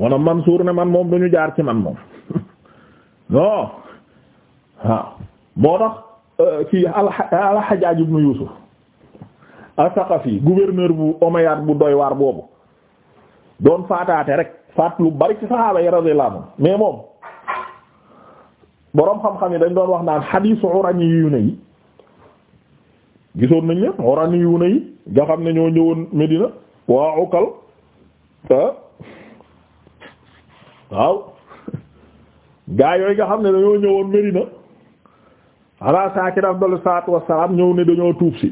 wala Mansuur ne man moom duñu jaar ci man moom non waaw moo tax ci euh, bu omeyyade bu doy waar rek faat lu bari ci saxaaba yi radiyallahu anhum yi dañ doon wax naan xadiisu Uraniyuuna yi gisoon nañ leen waa Ukal waaw gaa yooyu nga xam ne dañoo ñëwoon Medina ala saakir afdal salaatu wassalaam ñëw ne dañoo tuub si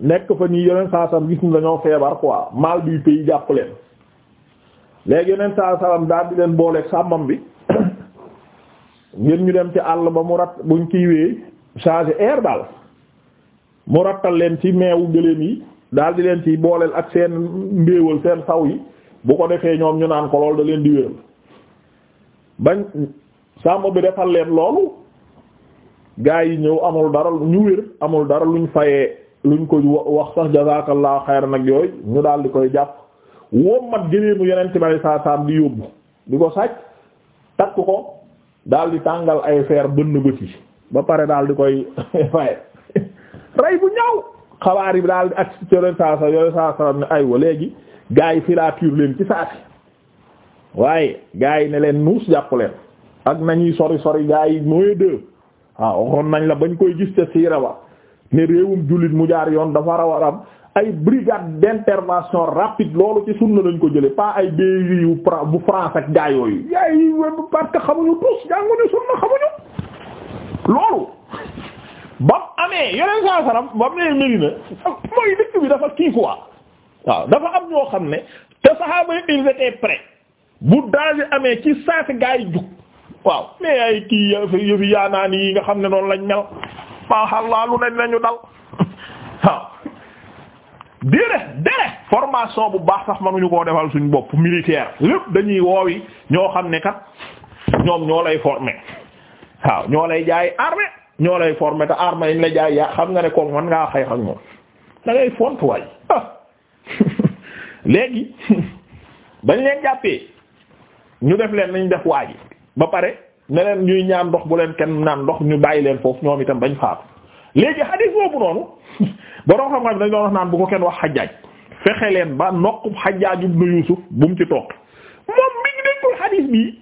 nekk fa ñuy yeneen saa salaam gis ni dañoo feebar quoi mal du pays jàpp leen léegi yeneen saa salaam daal di leen booleeg sàmmam bi ngir ñu dem ci àll ba mu rat buñ kiiwee changer air daal mu rattal leen ci meewu gëléem yi dal di leen ci booleel ak seen mbéewal seen saw yi bu ko defee ñoom ñu naan ko lool da leen di wéral bañ sàmm bi defal leen loolu gaa yi ñëw amul dara ñu wér amul dara luñ fayee luñ ko wax sax jazakallahu xayran nag yooyu ñu daal di koy jàpp wommat gëneemu yeneen timali saa saam di yóbbu di ko sàcc takk ko daal di tàngal ay feer bënn bët yi ba pare daal di koy faye rey bu ñaaw xabaar yi daal di ak ci yore saa sa yore saa sa ne aywa léegi gaa yi filature leen ci saati waaye gaa yi ne leen nuus jàpp leen ak nañuy sori sori gaa yi mooy deux waaw waxoon nañ la bañ koy gis ca siira ba ne réewum jullit mu jaar yoon dafa war a am ay brigade d'intervention rapide loolu ci sunna lañ ko jële pas ay BU yu bu France ak gaa yooyu yaay yi parce que xamuñu tous jànguñu sunna xamuñu loolu ba mu amee yeneen saa saram ba mu nee Medina mooy dëkk bi dafa kii quoi waaw dafa am ñoo xam ne te saxaaba yi ils étaient bu danger amee ci saasi gaa yi jug waaw mais ay kii yëfi yaanaan yi nga xam ne noonu lañ mel maaxallaa lu nañ nañu dal waaw dére formation bu baax sax mënuñu koo defal suñ bopp militaire dañuy woowi ñoo xam ne ñoom ñoo lay former waaw ñoo lay jaay armée lay former te armée yi jaay yaa ne kooku man ngaa moom da ngay fontuwaay léegi bañ leen jàppee ñu def leen nañ def waa ba pare ne leen ñuy ñaan ndox bu leen kenn naan ndox ñu bàyyi leen foofu ñoom itam bañ faatu léegi hadith boobu noonu borom xam-xam dañ doon wax naan bu ko kenn wax xajaaj fexe leen ba nokku xajaaj ibnu Yuusuf bu mu ci toog moom mi ngi déggul hadith bi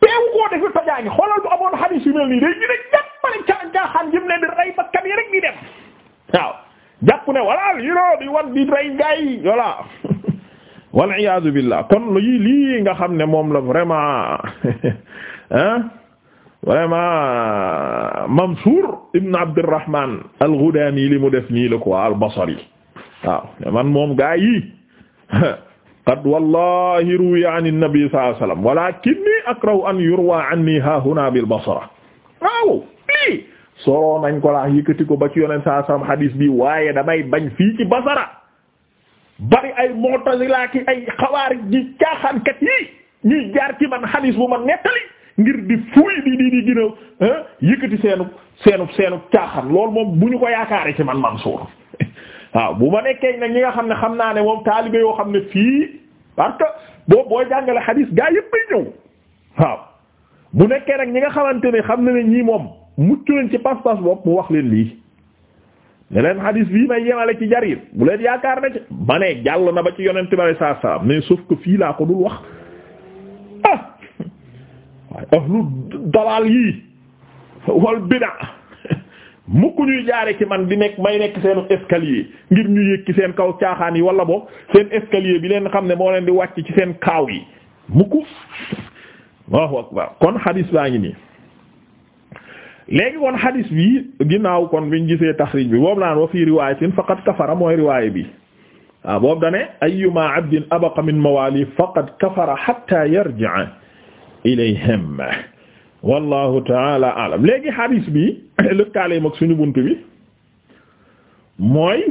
peewu koo defi tojaa ngi xoolal bu amoon hadith yu mel nii day gën a jàppale ca caaxaan jëm ne di rey bakkan yi rek di dem waaw jàpp ne voilà lii di wan di rey gaay wal iyaadu billah kon lu lii nga xam ne moom la vraiment hein vraiment Mansour ibn Abdurrahman al-Ghudani li mu def nii la quoi al-Basri man moom gaa yi qad wallahi ruwiya an an-nabi sallallahu alayhi wasallam walakinni akrahu an yurwa anni ha huna bil Basra waaw lii soroo ko la yëkkati ko ba ci yoneen sallallahu alayhi wasallam hadis bi waaye damay bañ fii ci Basra bari ay mu'tazila ki ay xawaarij gi caaxaankat yi ñuy jaar ci man xadis bu ma nettali ngir di fuuy di di di gën a yëkkati seenu seenu seenu caaxaan loolu moom bu ñu ko yaakaaree ci man Mansuur waaw bu ma nekkee nag ñi nga xam ne xam naa ne moom taalibe yoo xam ne fii parce que boo jàngale xadis gaa yëpp ay waaw bu nekkee nag ñi nga xamante ne xam na ñii moom mucc leen ci pas-pas bopp mu wax leen lii ne leen xadis bii may yemale ci jarir bu leen yaakaar na ci ma jàll na ba ci yonent bi alei saatu salaam mais sauf que fii laa ko dul wax ah waaye ahlu dalaal yii wal bida mukk ñuy jaare ci man di nekk may nekk seen escalier ngir ñu yëg ci seen kaw caaxaan yi wala boog seen escalier bi leen xam ne moo leen di wàcc ci seen kaaw yi mukk Allahu akbar kon xadis baa ngi nii léegi kon xadis bi ginnaaw kon biñ gisee taxrij bi boobu naan wa fii riwaayatin faqad kafara mooy riwaaya bi waaw boobu dane ayyuma abdin abaqa min mawali faqad kafara hatta yarji'a ilayhim wallahu taala alam léegi xadis bi lëkkaale mag suñu bunt bi mooy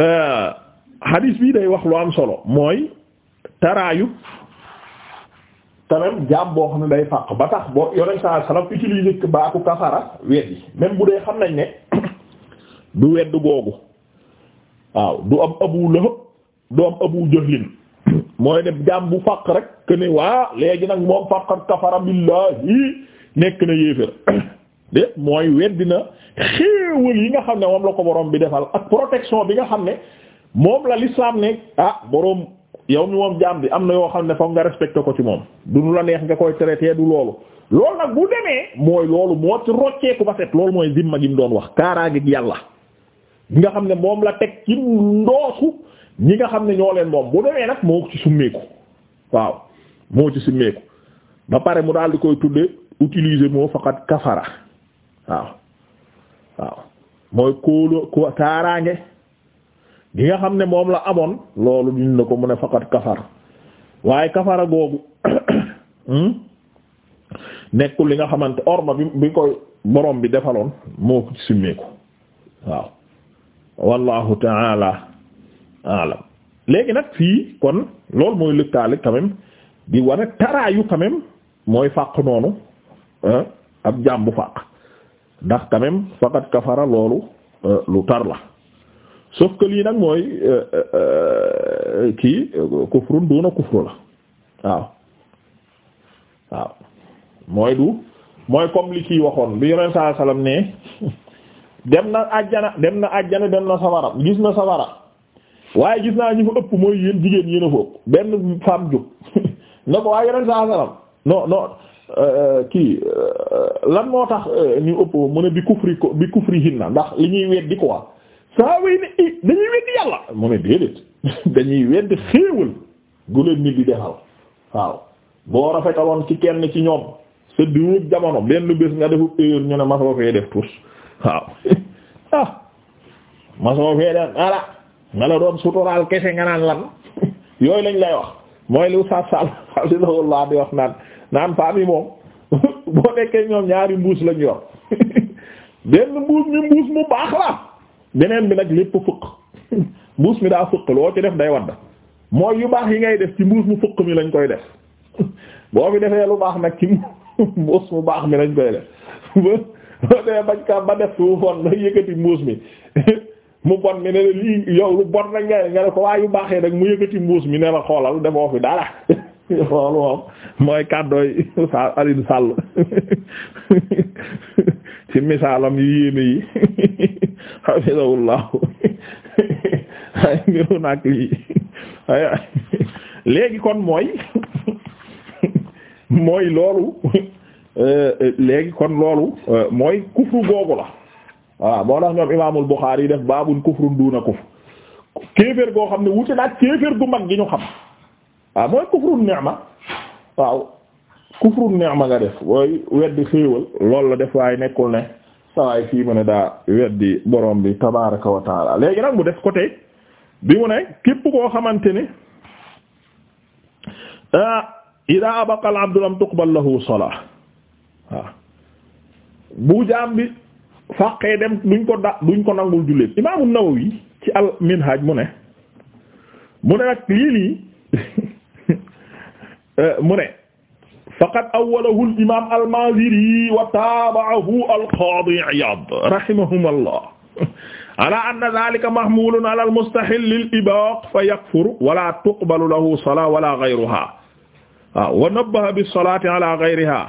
euh, xadis bi day wax lu am solo mooy taraayub quand même jaam boo xam ne day fàq ba tax boo yoneen saa sallam utiliser baatu kafara weddi même bu dee xam nañ ne du wedd googu waaw du am abu lahab du am abu jahlin mooy ne jaam bu fàq rek que waa léegi nag moom fàqat kafara billahi nekk na yéefér de mooy weddi na xéewal yi nga xam ne moom la ko borom bi defal ak protection bi nga xam ne moom la l'islam ne ah borom. yow mi moom jaam bi am na yoo xam ne foog nga respecté ko ci moom du nu la neex nga koy traité du loolu loolu nag bu demee mooy loolu moo ci rocceeku ba set loolu mooy zimma gi mu doon wax kaaraange gi yàlla nga xam ne moom la teg ci ndoosu ñi nga xam ne ñoo leen moom bu demee nag moo ci summeeku waaw moo ci summeeku ba pare mu daal di koy tudde utiliser moo faqat kafara waaw waaw mooy kóolu kaaraange gi nga xam ne moom la amoon loolu duñ la ko mu ne faqat kafar waaye kafara googu hmm? nekkul li nga xamante orma bi bi koy borom bi defaloon moo ko simmeeku waaw wallahu taala alam léegi nag fii kon loolu mooy lëkkaale quand même di wane taraayu quand mooy fàq noonu ab jaam bu fàq ndax quand même kafara loolu euh, lu tar la sauf que lii nag mooy euh, euh, kii kufrun duuna kufru la waaw waaw mooy du mooy comme li kii waxoon bi yoneen saa salaam ne dem na àjjana dem na àjjana dem na sawara gis na sawara waaye gis naa ñu fa ëpp mooy yéen jigéen yéen a ëpp benn femme jóg na ko waaye yoneen saa salaam non non euh, kii lan moo tax ñu ëpp mu ne bi kufri ko bi kufri hinna ndax li ñuy weddi quoi. saa wey ne i dañuy weddi yàlla mu ne déedéet dañuy weddi xéewal gu nit di defal waaw boo rafetaloon ci kenn ci ñoom sa diwub jamono benn bés nga defu erreur ñu ne ma soo fee def tus waaw ah ma soo fee def ala nga suturaal kese nga naan lan yooyu lañ lay wax mooy lu sa sal alhamdulillah di wax naan naan faam yi moom boo nekkee ñoom ñaari mbuus lañ yor benn mbuus mi mbuus mu baax la beneen bi nag lépp fëq mbuus mi daa fëq loo ci def day wadd mooy yu baax yi ngay def ci mbuus mu fëq mi lañ koy def boo fi defee lu baax nag ci mbuus baax mi lañ koy def ba dee bañ mu bon mi mu bon mi ne la lii yow lu bon nag nga nga ne ko waa yu baaxee nag mu yëkkati mbuus mi ne la xoolal defoo fi dara loolu moom mooy kàddooy sa Alioune Sall ci misaalam yu yéeme yi hafizahullahu ay mbiru nag lii léegi kon mooy mooy loolu euh, léegi kon loolu euh, mooy kufru googu la waaw moo tax ñoom imaamul Buxaari yi def baabun kufrun duuna kufr kéeféer goo xam ne wuti naag kéeféer gu mag gi ñu xam waaw mooy kufrun ma waaw kufrun ni'ma nga def mooy weddi xéewal loolu la def waaye nekkul ne sawaay fii mu ne daa weddi borom bi tabaraka wa taala léegi nag mu def côté bi mu ne képp koo xamante ne ah, ida abaqal abdu lam tuqbal lahu salaa waaw bu jaam bi fàqee dem duñ ko da duñ ko nangul julleem imaamu Nawawi ci al minhaj mu ne mu ne nag lii lii eh, mu ne faqad awwalahu al-imaam al-Maaziri wa taaba'ahu al-qaadi Iyaad rahimahumullah ala anna dhaalika mahmuulun ala al-mustahill lil-ibaaq fa yakfuru wa laa tuqbalu lahu salaatun wa laa ghayruhaa wa nabbaha bis-salaati ala ghayrihaa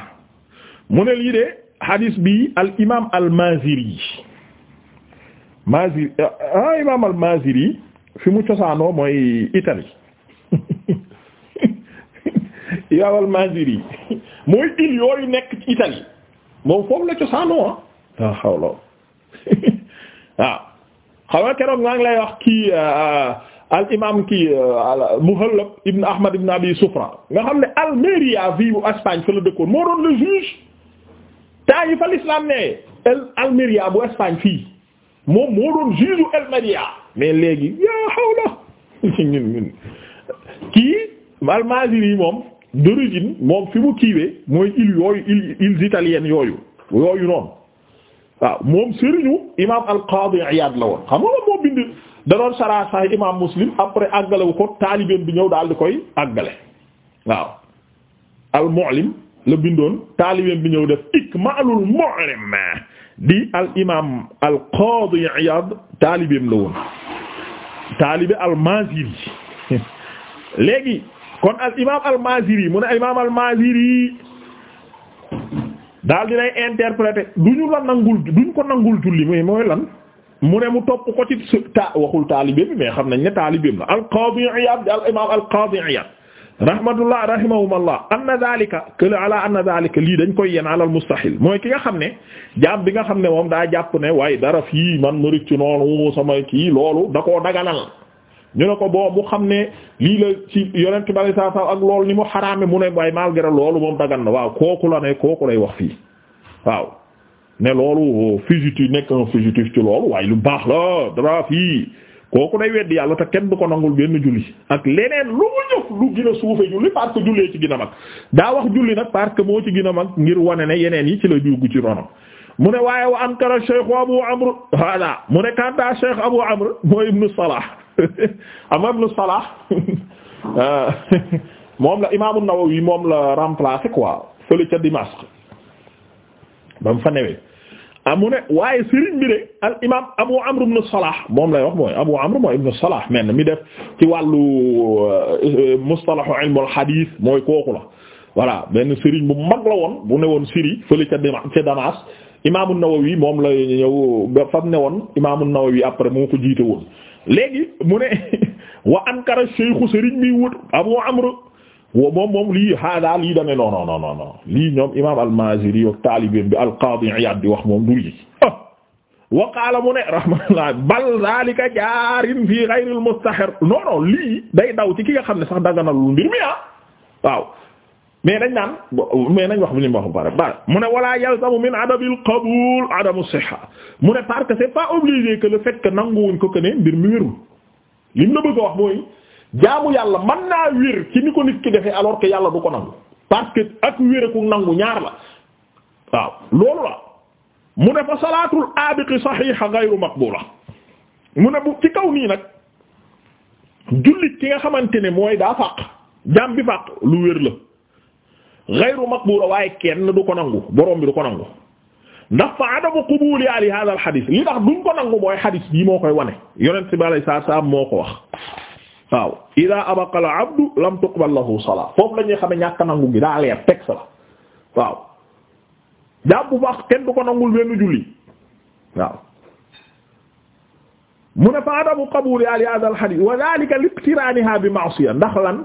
mu ne lii de hadis bi al-imaam al-Maaziri Maaziri ah imaam al-Maaziri fi mu cosaanoo mooy Italie imaam al-Maaziri mooy il yooyu nekk ci Italie moom foofu la cosaanoo ah xaw loolu waaw xam nga keroog maa ngi lay wax kii euh, euh, al imaam kii euh, Muhallab ibn Ahmad ibn Abi Sufra nga xam ne Almeria fii bu Espagne fa la dëkkoon moo doon le juge temps yi fa l'islam ne Almeria bu Espagne fii moom moo doon juge u Almeria mais léegi yaa xaw la kii al moom. d'origine moom fi mu kiiwee mooy île yooyu île îles italiennes yooyu yooyu noonu waaw moom sëriñu imaam al-Qaadi Iyaad la woon xam nga moo bind da doon saraa imaam Muslim après àggalewu ko taalibeen bi ñëw daal di koy àggale waaw al la bindoon taalibeen bi ñëw def Ikmaalul Mu'lim di al imaam al-Qaadi Iyaad taalibeem la woon taalibe al-Maaziri kon al imaam al Maaziri mu ne imaam al Maaziri daal dinay interpréter du ñu la nangul duñ ko nangul julli mais mooy lan mu ne mu topp ko ci ta waxul taalibeem mais xam nañ ne taalibeem la al Qaadi Iyaad al imaam al Qaadi Iyaad rahmatullah rahimahumullah anna daalika kële ala anna daalika lii dañ koy yen alal mustahil mooy ki nga xam ne jàpp bi nga xam ne moom daa jàpp ne waaye dara fii man ma ci noonu sama kii loolu da koo daganal. ñu ne ko boo mu xam ne lii la ci yonent bari saa saa ak lool ni mu xaraame mu ne waaye malgré loolu moom dagan na waaw kooku la ne kooku lay wax fii waaw ne loolu fugitif nekk un fugitif ci loolu waaye lu baax la dara fii kooku day weddi yàlla te kenn du ko nangul benn julli ak leneen lu mu ñëf lu gën a suufe julli parce jullee ci gën a mag daa wax julli nag parce que moo ci gën a mag ngir wane ne yeneen yi ci la juugu ci ronam mu ne waaye wa ankara mu ne kanta cheikh ama ibnu Salah euh, moom la imaamu Nawawi moom la remplacé quoi fële ca Dimashq ba mu fa amu ah, ne waaye sëriñ bi de al imaam Abu Amr ibn Salah moom lay wax mooy Abu Amr mooy ibn Salah men mi def ci wàllu euh, mustalahu ilmul hadith mooy kooku la voilà benn sëriñ bu mag la woon bu ne woon Syrie fële ca imaamu Nawawi moom la ñëw ba fam ne woon imaamu Nawawi après moo ko jiite woon léegi mu ne wa ankara Cheikhu Serigne bi wut Abu Amr wa moom moom lii hada lii dame non non non non lii ñoom imaam al-Maziri yo taalibeem bi al-Qadi Iyad di wax moom dur yi ah! wa qaala mu ne rahmatullah bal zalika jaarin fi ghayri al ci ki nga xam ne sax daganalul mbir mi ah. mais dañ naan mais nañ wax bi li mu wax ba pare ba mu ne wala yalzamu min adabil qabul adamu siha mu ne parce que c'est pas obligé que le fait que nanguwuñ ko que ne mbir mi wérul lim la bëgg a wax mooy jaamu yàlla man naa wér ci ni ko nit ki defee alors que yàlla du ko nangu parce que ak wér ku nangu ñaar la waaw loolu la mu ne fa salaatul abiqi saxiixa gayru maqbula mu ne bu ci kaw nii nag jullit ki nga xamante ne mooy daa fàq jaam bi fàq lu wér la. ghayru a waaye kenn du ko nangu borom bi du ko nangu ndax fa adamu qubuli ali hada al hadith li tax duñ ko nangu mooy hadith bii moo koy wane yonent bi alayhi salaam moo ko wax waaw ida abaqa abdu lam tuqbal lahu salaa foofu la ñuy xame ñàkk nangu gi daa leer teg sa la waaw jàpp bu baax kenn du ko nangul benn julli waaw mu ne adamu qabuli ali hada al hadith wa dhalika liqtiraniha bi ma'siya ndax lan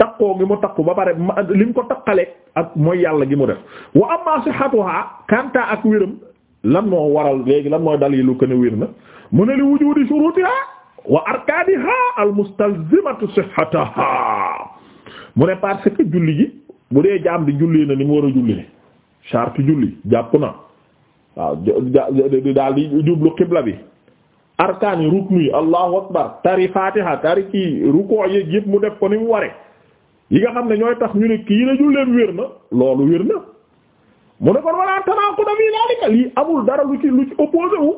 takkoo gi mu takku ba pare li mu ko takkale ak mooy yàlla gi mu def wa amma sihhatuha kanta ak wéram lan moo waral léegi lan mooy dalilu ko ne wér na mu ne li wujudi shurutiha wa arkadiha al mustalzimatu sihhataha mu ne parce que julli ji bu dee jaam bi julli na ni mu war a julli charte julli jàpp na waaw daal di jublu qibla bi arkaan yi ruknu allahu akbar tari fatiha tari kii ruku yi yëpp mu def ko ni mu ware yi nga xam ne ñooy tax ñu ne kii la ñu leen wér na loolu wér na mu ne kon wala tanaaquda fii daalika lii amul dara lu ci lu wu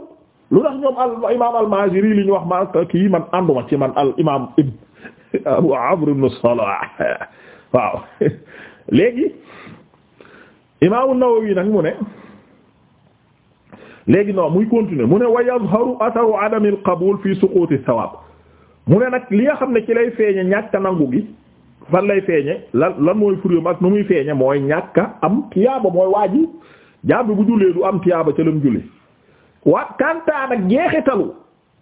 lu tax ñoom al imaam al li ñu wax ma kii man ànduma ci man al imaam ibn Abu Amr ibn Salah waaw léegi imaam an-Nawawi nag mu ne léegi non muy continuer mu ne wa yazharu atharu adami al fi suquti ath-thawab mu ne nag li nga xam ne ci lay feeñe ñàkk nangu gi fan lay feeñe lan lan mooy furiam ak nu muy feeñe mooy ñàkka am tiyaaba mooy waaji jaam bi bu jullee du am tiyaaba ca lam julli waa kantaan ak jeexitalu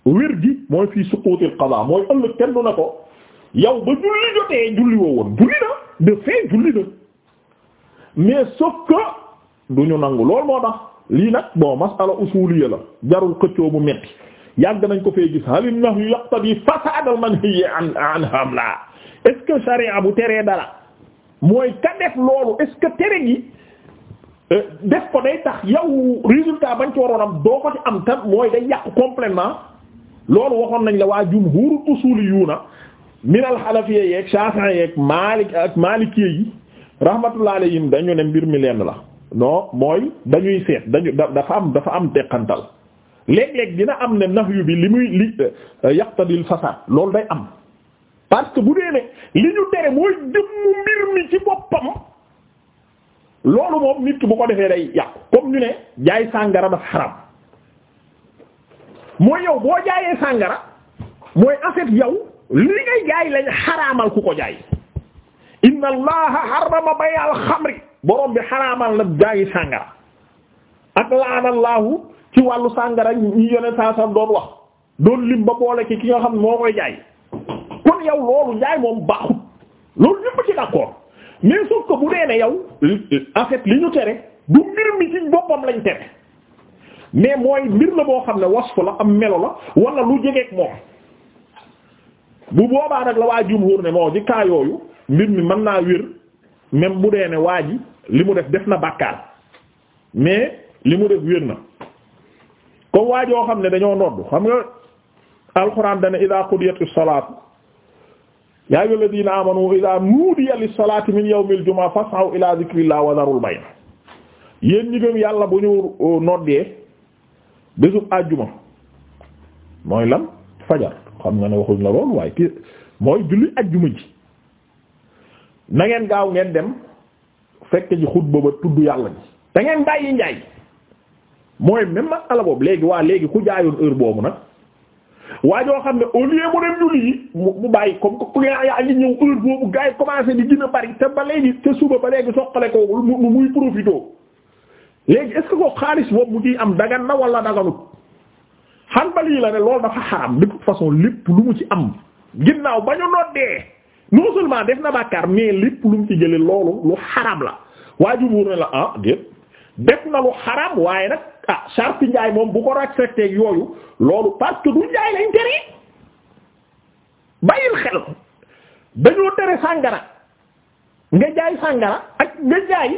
wér gi mooy fii suquutil qada mooy ëllëg kenn du na ko yow ba julli jotee julli woo woon julli na de julli na mais sauf du ñu nangu loolu moo tax lii nag bon masala usuliya la jarul xëccoo mu metti yàgg nañ ko fee gis halin nahyu yaqtadi fasadal manhiyi an an hamla est-ce que sharia bu teree dala mooy ka def loolu est-ce que tere gi euh, def ko day tax yow résultat bañ ci waroon am doo ko ci am tam mooy day yàq complètement loolu waxoon nañ la waa jumhurul usuliyuuna minal xalafiyya yeeg shafi'iyya yeeg maalik ak maalikiyya yi rahmatullah alayhim dañu ne mbir mi lenn la non mooy dañuy seet dañu dafa am dafa am teqantal léeg-léeg dina am ne nahyu bi li muy li euh, yaqtadil fasad loolu day am parce que bu dee ne li ñu tere mooy jëmmu mbir mi ci boppam loolu moom nit ki bu ko defee day yàqu comme ñu ne jaay sàngara dafa xaram mooy yow boo jaayee sàngara mooy en fait yow li ngay jaay lañ xaraamal ku ko jaay inna allaha harrama bay'al xamri borom bi xaraamal na jaayi sàngara ak laanallaahu ci wàllu sàngara ñu yone saa sa doon wax doon lim ba boole ki ki nga xam ne moo koy jaay kon yow loolu njaay moom baaxut loolu ñëpp ci d'accord mais sauf que bu dee ne yow en fait li ñu tere du mbir mi ci boppam lañ tere mais mooy mbir la boo xam ne wasfu la am melo la wala lu jegeeg moom bu boobaa nag la waa jumhur ne moo ci cas mbir mi mën naa wér même bu dee ne waa ji li mu def def na bàkkaar mais li mu def wér na ko waa joo xam ne dañoo nodd xam nga alxuraan dana idaa qudiyatu salaatu yaa ayyuha alladhina amanu idha nudiya lis-salati min yawmil jumu'a fas'aw ila dhikrillahi wa dharul bay' yéen ñi gëm yàlla bu ñu uh, noddee bésub àjjuma mooy lan fajar xam nga ne waxuñ la loolu waaye kii mooy julli àjjuma ji na ngeen gaaw ngeen dem fekk ji xutba ba tudd yàlla ji da ngeen bàyyi njaay mooy même masala boobu léegi waa léegi ku jaayul heure boobu nag waa joo xam ne au lieu mu dem julli yi mu bàyyi comme que yaa ngi ñëw heure boobu gars a bari te ba léegi te suba ba léegi soqale ko mu muy profito léegi est ce que ko xaalis boobu mu ciy am dagan na wala daganut Hanbali la ne loolu dafa xaram de toute façon lépp lu mu ci am ginnaaw ba ñu noddee non seulement def na bàkkaar mais lépp lu mu ci jëlee loolu lu xaram la waa jumóor ne la ah def na lu xaram waaye nag ah charte njaay moom bu ko respecté ak yooyu loolu parce que du njaay lañ tere bàyyil xel dañoo tere sàngara nga jaay sàngara ak nga jaay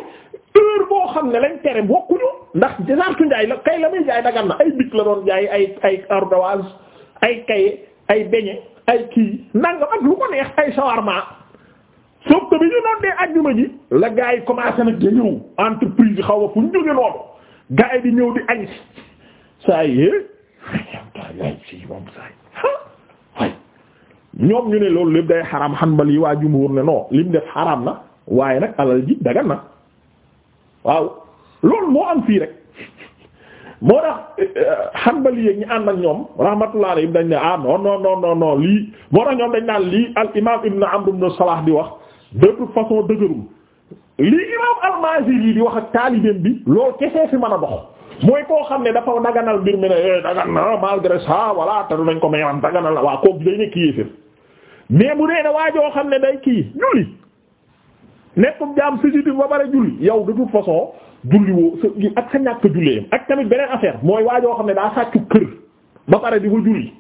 heure boo xam ne lañ tere bokkuñu ndax sartu njaay la kay la muy jaay dagan na ay bic la doon jaay ay ay ardoise ay kaye ay beñe ay kii nangam ak lu ko neex ay shawarma sauf bi ñu noon dee ajjuma ji la gars yi commencé nag da ñëw entreprise yi xaw ma fu ñu jóge noonu gaa yi di ñëw di añ saa yi eh? waay ñoom ñu ne loolu lépp day xaram xanbal yi waa jumhur ne non lim def xaram na waaye nag alal ji dagan na waaw loolu moo am fii rek moo tax xanbali eh, eh, yeeg ñi ànd ak ñoom rahmatullah alayhim dañ ne ah non non non non lii moo tax ñoom dañ naan lii al imam ibn Amr ibn Salah di wax de toute façon dëgërul lii imam al-Maziri di wax ak taalibeem bi loolu kese fi mën a dox mooy koo xam ne dafa daganal mbir mi ne eh, dagan na malgré ça voilà te nañ ko mayaram daganal na waa kooku day nekk yéefér mais bu dee ne waajoo xam ne day kii julli nekkum jaam fugitive ba bare julli yow de toute façon julli woo sa ak sa ñàkk julleeyam ak tamit beneen affaire mooy waajoo xam ne daa sàccu kër ba pare di ko julli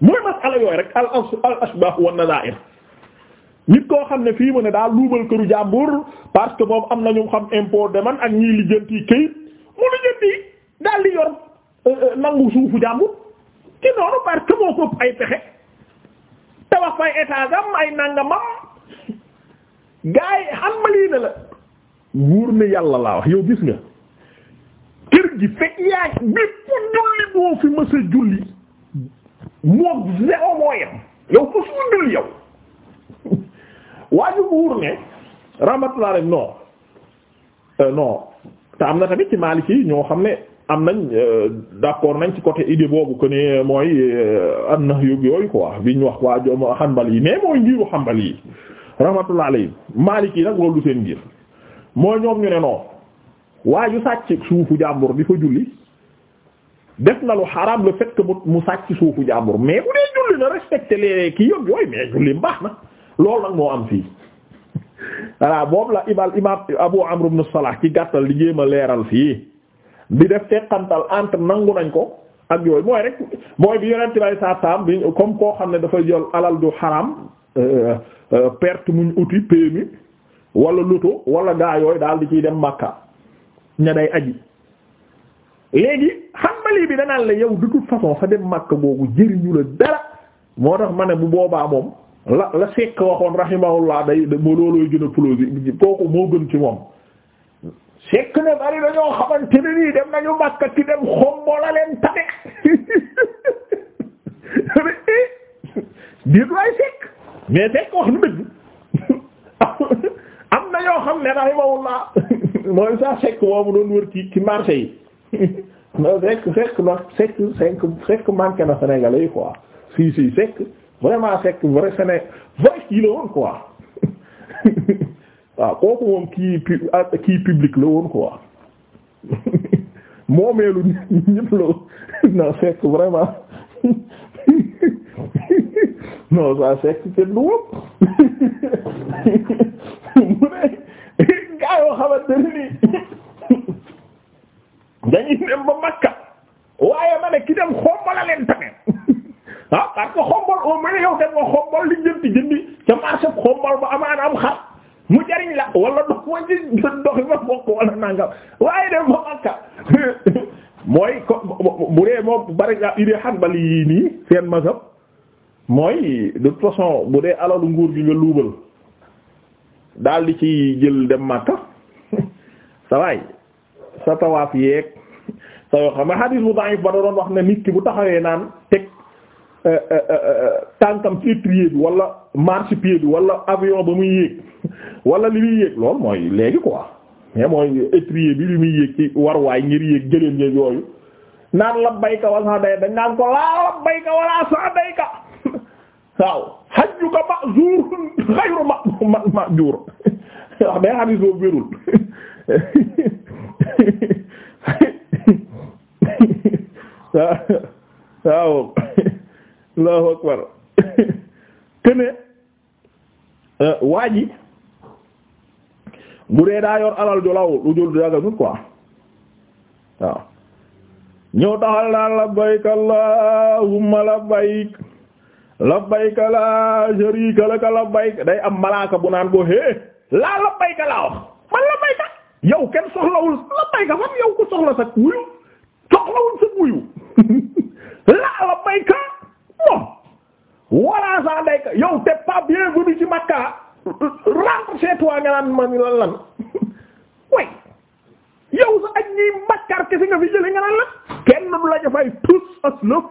mooy masala yooyu rek al al ashbah wa nazair nit koo xam ne fii mu ne daa luubal këru jàmbur parce que boobu am na ñu xam impôt deman ak ñiy lijjanti këyit mu lijjanti daal di yor euh, nangu suufu jàmbur ci noonu parce que moo ko ay pexe tabax fay état ay nangamam gars yi la wóor na yàlla laa wax yow gis nga kër gi fekk yaay bépp julli boo fi mësa julli moo zéro moo yem yow fa fu yow waa ju buur ne rahmatullah rek euh, non te am na tamit ci Maliki ñoo xam ne am nañ euh, d'accord nañ ci côté idée boobu ko ne euh, mooy am na yóg yooyu quoi bi ñu wax waa jom Hanbali yi mais mooy ngiru Hanbali yi rahmatullah alayhi Maliki yi nag loolu seen ngir mooy ñoom ñu ne non waa ju sàcc suufu jàmbur di fa julli def na lu xaraam le fait que mu sàcc suufu jàmbur mais bu dee julli na respecté les kii yóg yooyu mais julli mbaax na loolu nag moo am fii voilà boobu la ibal imam Abu Amr ibn Salah ci gàttal di jéem a leeral fii di def teqantal entre nangu nañ ko ak yooyu mooy rek mooy bi yonent bay saa saam bi comme koo xam ne dafa jël alal du xaram euh, euh, perte muñ uti PMI wala loto wala gaa yooyu daal di ciy dem Makka ña day aji léegi xambali bi danaan la yow de toute façon sa dem Makka googu jëriñu la dara moo tax ma ne bu boobaa moom la la sekk waxoon rahimahullah day moo loolooy gën a plausible kooku moo gën ci moom sekk ne bari dañoo xamante ne nii dem nañu Makka ci dem xombola leen tane diir lay sekk mais sekk wax nu dëgg am na yoo xam ne rahimahullah mooy saa sekk moomu doon wër ci ci marché yi no sekk sekk na sekk sekk sekk manqué na Sénégalais yi quoi sekk vraiment fekk vrai Séné vrai kii la woon quoi waaw kooku moom kii pu ah, kii public la woon quoi moomeelu ñëpp la woon non fekk vraiment non ça fekk kenn du woon mu ne gaa yoo xamante ne nii dañuy dem ba Makka waaye ma ne ki dem ah parce que xombal au moins yow dem nga ca marché xombal ba amaana am xar mu jariñ la wala dox wa ci doxi ma bokk wala nangam waaye dem ba Makka mooy bu dee moom par dee alalu nguur gi nga luubal daal di ci jël dem Makka sa waay sa tawaaf yeeg sa yoo xam ne hadis bu da'if ba doon wax ne nit ki bu taxawee naan teg Euh, euh, euh, tànkam ci étrier bi wala marchepied bi avion ba muy yéeg wala li muy lool mooy léegi quoi mais mooy étrier bi li muy yéeg ci waruwaay ngir yéeg gëléem yeeg yooyu naan labbayka wa sa'dayka dañ naan ko laa labbayka wala sa'dayka waaw hajjuka ma'zurun ghayru ma'zur wax day xadis boobu wérul waaw allahu akbar këne euh, waa ji bu dee daa yor alal ju lu jul daganut quoi waaw ñëw taxal naan labbayk labbayk labbayk la sharika labbayk day am malaaka bu naan ko hee laa labbayka wax man labbayka yow kenn soxlawul labbayka fan yow ku soxla sa wuyu soxlawul sa wuyu laa labbayka moom voilà ça day yow t'es pas bienvenu ci Makka rentre chez toi nga naan lan lan way yow sa aj ñiy Makka kese nga fi jëlee nga naan kenn du la jafay tous as lëf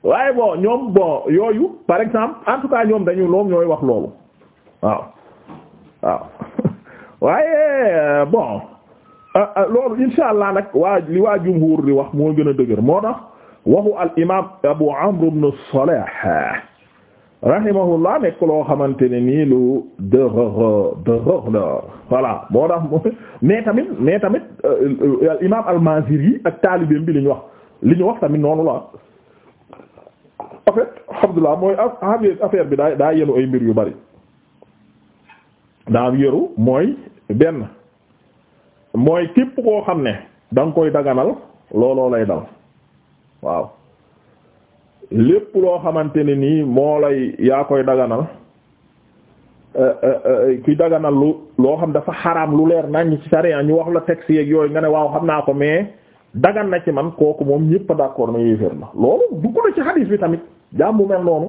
waaye bon ñoom bon yooyu par exemple en tout cas ñoom dañu loom ñooy wax loolu waaw waaw waaye euh, bon. Ah, ah, loolu insha allah nag waa li waa jumhur di wax moo gën a dëgër moo tax waxu al Abu Amr ibn Salah rahimahullah nekk loo xamante ne nii lu dëgër dëgër la voilà moo tax mais tamit mais tamit euh, al imaam ak taalibeem bi li ñu wax li ñu wax tamit noonu la en mooy affaire bi daa daa yenu ay mbir yu bari daa yëru mooy benn. mooy képp koo xam ne da koy daganal looloo lay dal waaw lépp loo xamante ne nii moo lay yaa koy daganal euh, euh, euh, kuy daganal lu loo xam dafa xaram lu leer nañ ci sariya ñu wax la texte yeeg yooyu nga ne waaw xam naa ko mais dagan na ci man kooku moom ñëpp a d'accord na yéeféer la loolu dugg na ci xadiis bi tamit jaam bu mel noonu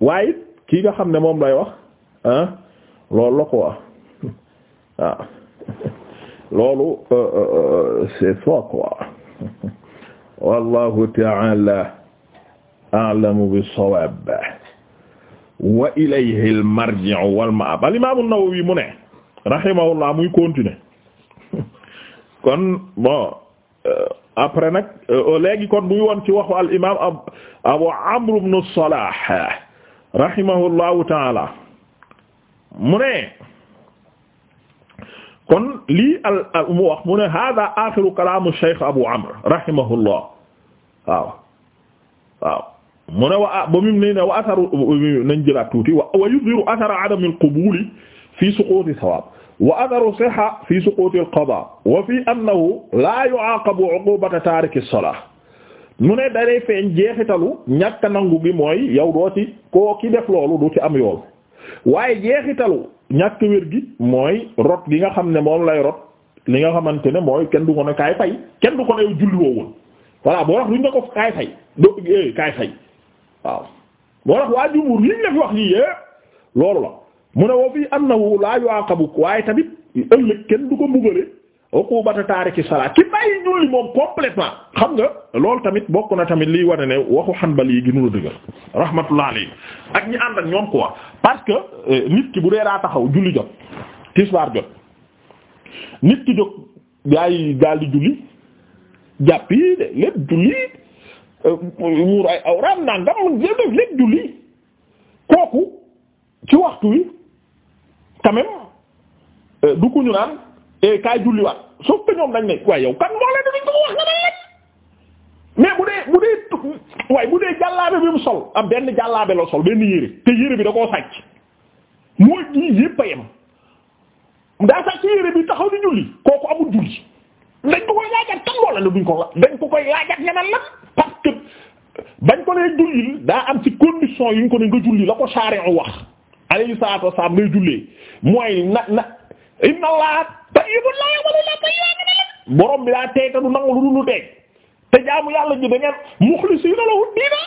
waaye kii nga xam ne moom lay wax loolu la ko wax waaw loolu euh, euh, euh, c'est fort quoi wallahu ta'ala a'lamu bis-sawab wa ilayhi al-marji'u wal ma'ab al-imam an-Nawawi mu ne rahimahullah muy continuer kon bon après nag léegi kon muy woon ci waxu al-imam Abu Amr ibn Salah rahimahullahu ta'ala mu ne kon lii al mu wax mu ne hada axiru kalaamu Cheikh Abu Amr rahimahullah waaw waaw mu ne wa ba mim ne ne wa asaru nañ jëlaat tuuti wa wa yudhiru asara adami alqubuli fi suquti sawaab wa atharu sihha fi suquti alqada wa fi annahu la yu'aqabu 'uqubata tariki as-salah mu ne dalay feeñ jeexitalu ñàkk nangu gi mooy yow doo ci koo ki def loolu du ci am yool waaye jeexitalu ñàkk wér gi mooy rot gi nga xam ne moom lay rot li nga xamante ne mooy kenn du ko ne kaay fay kenn du ko ne yow julli woo woon voilà boo tax duñ ne ko kaay fay do eh kaay fay waaw boo tax waa jumhur liñ la fi wax nii yépp loolu la mu ne woo fii annahu la yuaqabu waaye tamit ëllëg kenn du ko mbugale uqubata taariki salaat ki bàyyi julli moom complètement xam nga loolu tamit bokk na tamit liy wane ne waxu Hanbali yi gënu la dëgër rahmatullah alayhi ak ñi ànd ak ñoom quoi parce que euh, nit ki bu dee daa taxaw julli jot tisbaar jot nit ki jóg daay daal di julli jàpp yi de lépp julli euh, muur ay awraam naa ngam def lépp julli kooku ci waxtu wi quand euh, du ko ñu naan eh, kaay julliwaat sauf que ñoom dañ ne waaye yow kan moo leen duñ ko wax na leen mais bu dee bu dee waaye bu dee jàllaabe bi mu sol am benn jàllaabe la sol benn yére te yére bi da koo sàcc mooy ñii yépp a yem daa sàcc yére bi taxaw di julli kooku amul julli dañ ko koy laajat kan moo leen duñ ko la dañ ko koy laajat ñeneen la parce que bañ ko nee jullil daa am ci condition yuñ ko ne nga julli la ko saaree wax alayhi salaatu wassalaam ngay jullee mooy na na tayyibun laa yaqbalu illaa borom bi daa tey te du nangu lu dul lu te jaamu yàlla ji da ngeen muxlisiina lahu diina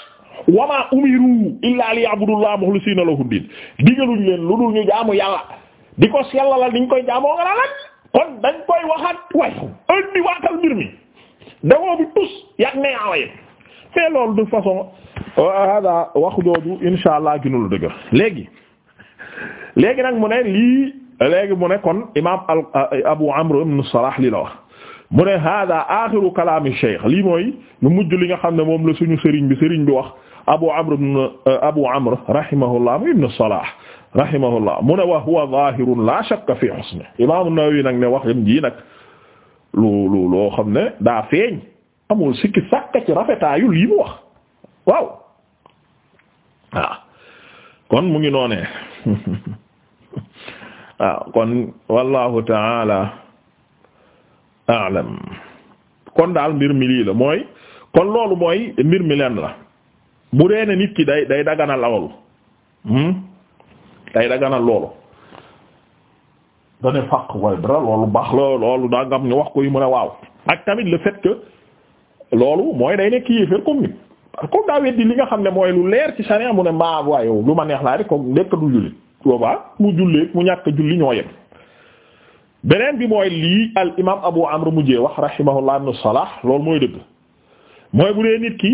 wa maa umiru illaa liya'budullaha muxlisiina lahu diin digaluñ leen lu dul ñu jaamu yàlla di ko sellal diñ koy jaamoo nga lan kon dañ koy waxaat way indi waatal mbir mi dawoo bi tus yàgg ne away mais loolu de façon euh, wax jooju insha allah ginul dëgg léegi léegi nag mu ne lii léegi mu ne kon imaam al euh, Abu Amr ibn Salah li la wax mu ne hada axiru kalaami lii mooy lu mujj li nga xam ne moom la suñu sëriñ bi sëriñ bi wax Abu Amr ibn euh, Abu Amr rahimahullah ibn Salah rahimahullah mu ne wa huwa zaahirun la shakka fi husni imaam An-Nawawi nag ne wax yam ji nag lu lu loo xam ne daa feeñ amul sikki sàkka ci rafetaayu lii mu wax waaw ah. kon mu ngi noonee waaw ah, kon wallahu taala aalam kon daal mbir mi lii la mooy kon loolu mooy mbir mi leen la bu dee ne nit ki day day daganal loolu hmm? day daganal loolu dane faq way dara loolu baax la loolu daa ngam ñu wax ko yu mën a waaw ak tamit le fait loolu mooy day nekk yéeféer comme nit comme daa weddi li nga xam ne mooy lu leer ci sharia mu ne mbaa waaye lu ma neex laa rek comme nekk du jullit boobaa mu jullee mu ñàkk julli ñoo yem beneen bi mooy lii al imaam Abu Amr mujjee wax rahimahullah ibn Salah loolu mooy dëgg mooy bu dee nit ki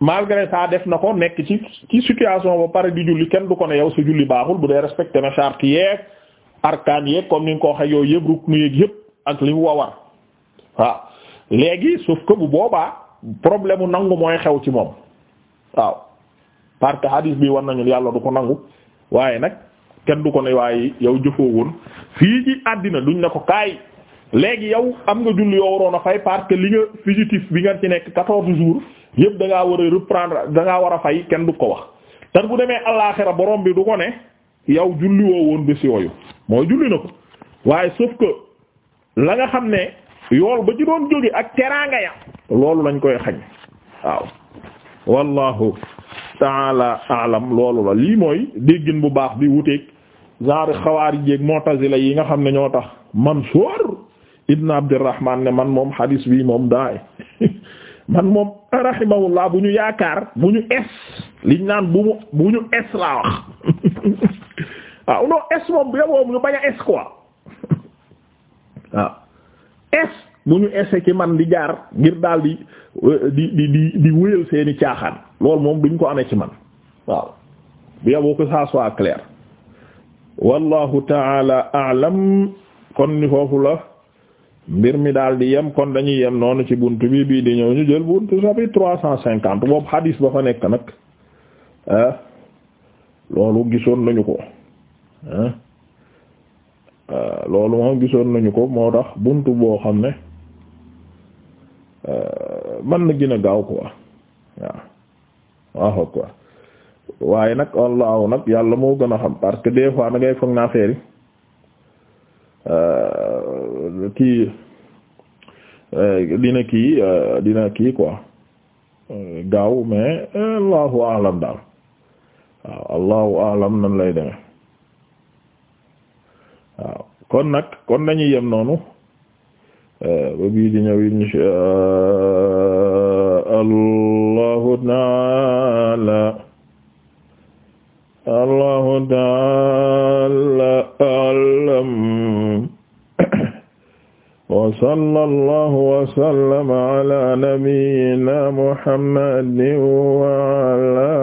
malgré ça def na ko nekk ci ci situation ba pare di julli kenn du ko ne yow si julli baaxul bu dee respecté na charte yeeg arkaan yeeg comme ni nga ko waxee yooyu yëpp ruknu yeeg yëpp ak li mu wawar waaw léegi sauf que boobaa problème mu nangu mooy xew ci moom waaw parce que hadis war nañu yàlla du ko nangu. waaye nag kenn du ko ne waaye yow jëfoo woon fii ci àddina duñ ne ko kaay léegi yow am nga julli yoo waroon a fay parce que li nga fugitif bi nga ci nekk quatorze jours yëpp da ngaa war a reprendre da war a fay kenn du ko wax te bu demee àllaaxira borom bi du ko ne yow julli woo woon bés yooyu mooy julli na ko waaye sauf que la nga xam ne yool ba ci doon jóge ak teraanga ya loolu lañ koy xañ waaw wallahu ta'ala a'lam loolu la lii mooy déggin bu baax bi wuteeg genre xawaarij ak mu'tazila yi nga xam ne ñoo tax Mansuur ibn Abdurrahman ne man moom hadis bi moom daay man moom rahimahullah bu ñu yaakaar bu ñu es liñ naan bu mu bu ñu es laa wax waaw non es moom bu yoboobu ñu bañ a es quoi waaw es mu ñu ese ci man di jaar ngir daal di di di di di seeni caaxaan loolu moom duñ ko amee ci man waaw bi boo ko ça soit clair wallahu taala aalam kon ni foofu la mbir mi daal di yem kon dañuy yem noonu ci bunt bi bii di ñëw ñu jël buntu chapitre trois cent cinquante boobu hadis ba fa nekk nag ah. loolu gisoon nañu ko ah. Ah, loolu moom gisoon nañu ko moo tax buntu boo xam ne Euh, man na gën a gaaw quoi waaw waaw waaye nag wallaahu nag yàlla moo gën a xam parce que des fois da ngay foog naa feeri euh, kii euh, dina kii dina kii quoi gaaw mais allahu alam daal waaw allahu alam nan lay demee waaw kon nag kon nañu yem noonu ba bii di ñëw inshaa allahu taala allahu taala alam wa sallallahu wa sallama ala nabiyyina muhammadin wa ala